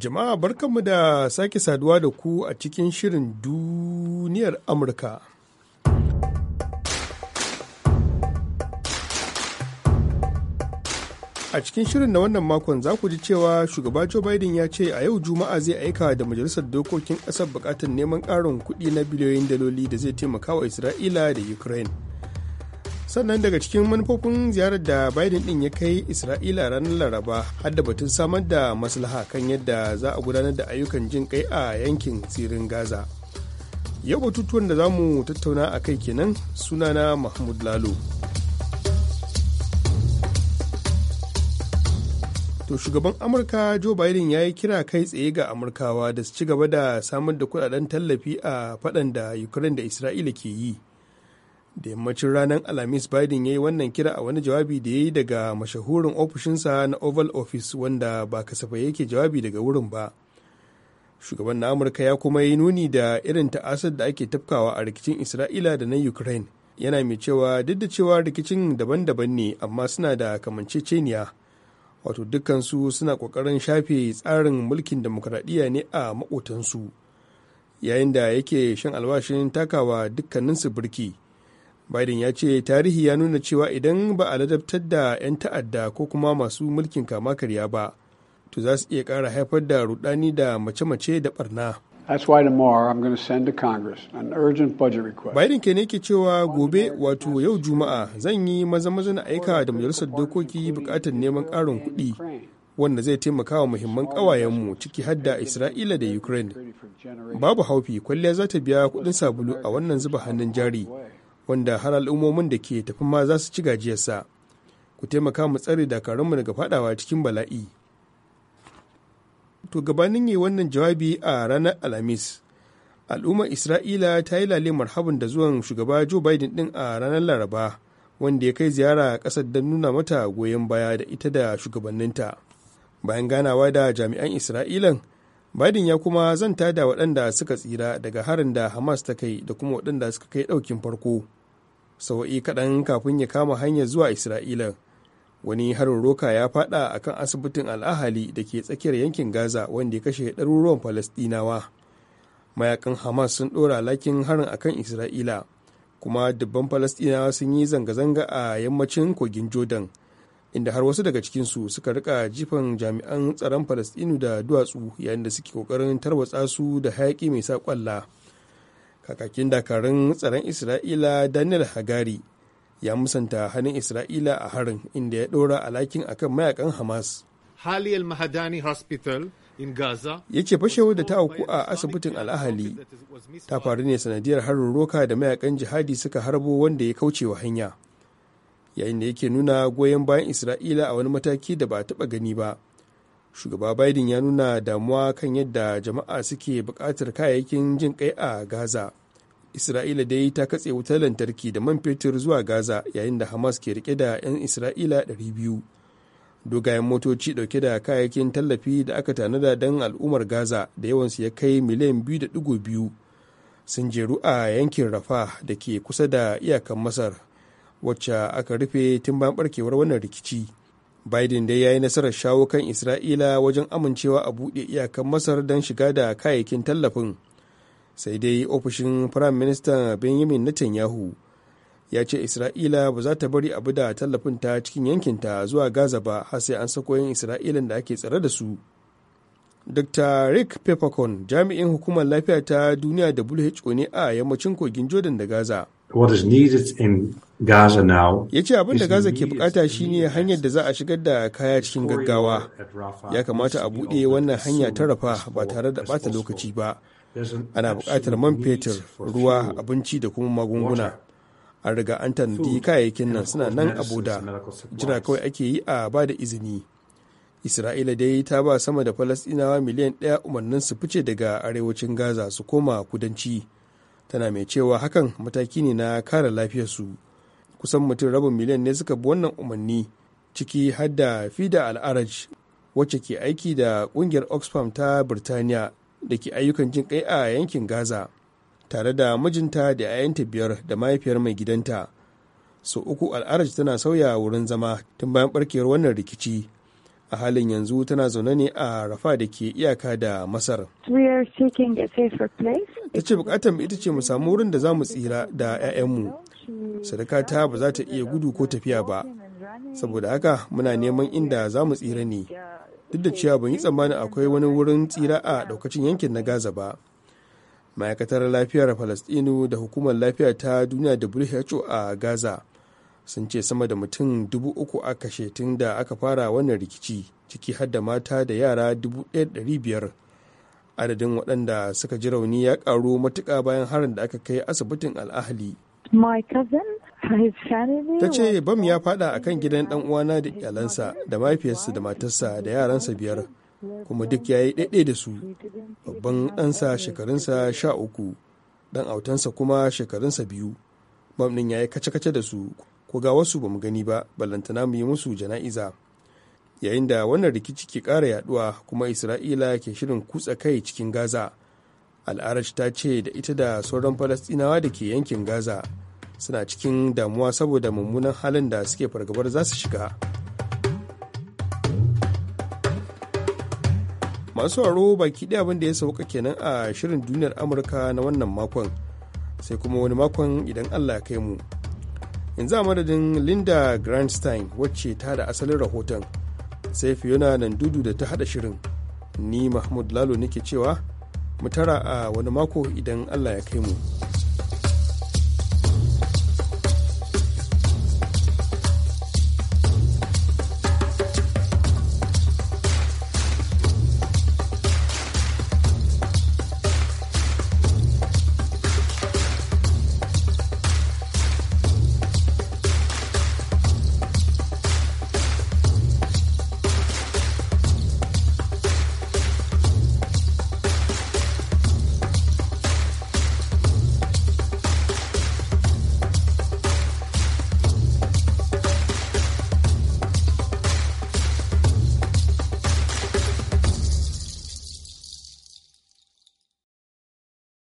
Jama'a barkanmu da sake saduwa da ku a cikin shirin duniyar Amurka. A cikin shirin na wannan makon za ku ji cewa shugaba Joe Biden ya ce a yau Juma'a zai aika da Majalisar Dokokin kasar bukatar neman karin kudi na biliyoyin daloli da zai taimaka wa Isra'ila da Ukraine. sannan daga cikin manufofin ziyarar da biden din ya kai isra'ila ranar laraba hadda batun samar da maslaha kan yadda za a gudanar da ayyukan jin kai a yankin tsirin gaza yau batutuwan da za mu tattauna a kai kenan suna na mahmud lalo to shugaban amurka joe biden ya yi kira kai tsaye ga amurkawa da su ci gaba da samar da kudaden tallafi a faɗan da ukraine da isra'ila ke yi da yammacin ranar alhamis biden ya yi wannan kira a wani jawabi da ya yi daga mashahurin ofishinsa na oval office wanda ba kasafai yake jawabi daga wurin ba shugaban na amurka ya kuma yi nuni da irin ta'asar da ake tafkawa a rikicin isra'ila da na ukraine yana mai cewa duk da cewa rikicin daban-daban ne amma suna da kamanceceniya wato dukkansu suna kokarin shafe tsarin mulkin demokuraɗiyya ne a maƙotansu yayin da yake shan albashin takawa dukkaninsu birki biden ya ce tarihi ya nuna cewa idan ba a ladabtar da 'yan ta'adda ko kuma masu mulkin kama karya ba to za su iya kara haifar da rudani da mace-mace da barna Biden ke ne ke cewa gobe wato yau Juma'a zan yi maza maza na aika da majalisar dokoki bukatar neman karin kuɗi wanda zai taimaka wa muhimman ƙawayenmu ciki har da Isra'ila da Ukraine. Babu haufi kwalliya za ta biya kuɗin sabulu a wannan zuba hannun jari wanda har al'ummomin da ke tafi ma za su ci gajiyarsa ku taimaka mu tsare da dakarunmu daga fadawa cikin bala'i to gabanin yi wannan jawabi a ranar alhamis al'ummar isra'ila ta yi lale marhabin da zuwan shugaba joe biden din a ranar laraba wanda ya kai ziyara kasar don nuna mata goyon baya da ita da shugabanninta bayan ganawa da jami'an isra'ilan biden ya kuma zanta da waɗanda suka tsira daga harin da hamas ta kai da kuma waɗanda suka kai ɗaukin farko sawa'i kaɗan kafin ya kama hanyar zuwa isra'ila wani harin roka ya faɗa a kan asibitin al'ahali da ke tsakiyar yankin gaza wanda ya kashe ɗaruruwan falastinawa mayakan hamas sun ɗora lakin harin akan isra'ila kuma dubban falastinawa sun yi zanga-zanga a yammacin kogin jordan inda har wasu daga cikinsu suka rika jifan jami'an tsaron falastinu da duwatsu yayin da suke kokarin tarwatsa su da hayaki mai sa kwalla kakakin dakarun tsaron isra'ila daniel hagari ya musanta hannun isra'ila a harin inda ya ɗora alakin akan mayakan hamas yake hospital in Gaza. Ya ce fashewar da ta auku a asibitin al'ahali ta faru ne sanadiyar harin roka da mayakan jihadi suka harbo wanda ya kauce wa hanya. yayin da yake nuna goyon bayan isra'ila a wani mataki da ba a taba gani ba shugaba biden ya nuna damuwa kan yadda jama'a suke buƙatar kayayyakin jin kai a gaza isra'ila dai ta katse wutar lantarki da man fetur zuwa gaza yayin da hamas ke rike da 'yan isra'ila 200 dogayen motoci dauke da kayayyakin tallafi da aka tanada don al'ummar gaza da yawansu ya kai miliyan 2.2 sun jeru a yankin rafa da ke kusa da iyakan masar wacce aka rufe tun bayan barkewar wannan rikici biden dai ya yi nasarar shawo kan isra'ila wajen amincewa a buɗe iyakan masar don shiga da kayayyakin tallafin sai dai ofishin firayim minister benjamin netanyahu ya ce isra'ila ba za ta bari abu da tallafin ta cikin yankinta zuwa gaza ba har sai an sako yin isra'ilan da ake tsare da su dr rick peppercorn jami'in hukumar lafiya ta duniya da who ne a yammacin kogin jordan da gaza what is in Gaza now. Ya ce abin da Gaza ke bukata shine hanyar da za a shigar da kaya cikin gaggawa. Ya kamata a buɗe wannan hanya ta rafa ba tare da bata lokaci ba. Ana bukatar man fetur, ruwa, abinci da kuma magunguna. An riga an tanadi kayayyakin nan suna nan a boda. Jira kawai ake yi a ba da izini. Isra'ila dai ta ba sama da Falasɗinawa miliyan ɗaya umarnin su fice daga arewacin Gaza su koma kudanci. tana mai cewa hakan mataki ne na kare lafiyarsu kusan mutum rabin miliyan ne suka bi wannan umarni ciki har da fida al'araj wacce ke aiki da kungiyar oxfam ta birtaniya da ke ayyukan jin kai a yankin gaza tare da mijinta da 'ya'yanta biyar da mahaifiyar mai gidanta sau uku al'araj tana sauya wurin zama tun bayan barkewar wannan rikici a halin yanzu tana zaune ne a rafa da ke iyaka da masar ta ce bukatar ita ce mu samu wurin da za mu tsira da 'ya'yanmu sadaka ta ba za ta iya gudu ko tafiya ba saboda haka muna neman inda za mu tsira ne duk da cewa ban yi tsammanin akwai wani wurin tsira a daukacin yankin na gaza ba ma'aikatar lafiyar falastinu da hukumar lafiya ta duniya who a gaza sun ce sama da mutum dubu uku a kashe tun da aka fara wannan rikici ciki har da mata da yara dubu biyar adadin waɗanda suka ji rauni ya ƙaru matuka bayan harin da aka kai asibitin al'ahali ta ce bam ya fada a kan gidan ɗan uwana da iyalansa da mafiyarsa da matarsa da yaransa biyar kuma duk ya yi ɗaiɗe da su babban ɗansa shekarunsa sha uku ɗan autansa kuma shekarunsa biyu bam ɗin ya yi kace-kace da su ko ga wasu bamu gani ba ballantana mu yi musu jana'iza yayin da wannan rikici ke ƙara yaduwa kuma isra'ila ke shirin kutsa kai cikin gaza al'arash ta ce da ita da sauran falastinawa da ke yankin gaza suna cikin damuwa saboda mummunan halin da suke fargabar za su shiga masu haro baki ɗaya abin ya sauka kenan a shirin duniyar amurka na wannan makon sai kuma wani makon idan allah ya kai mu yanzu a madadin linda grandstein wacce ta da asalin rahoton sai fiona nan dudu da ta hada shirin ni mahmud lalo nake cewa mu tara a wani mako idan allah ya kai mu.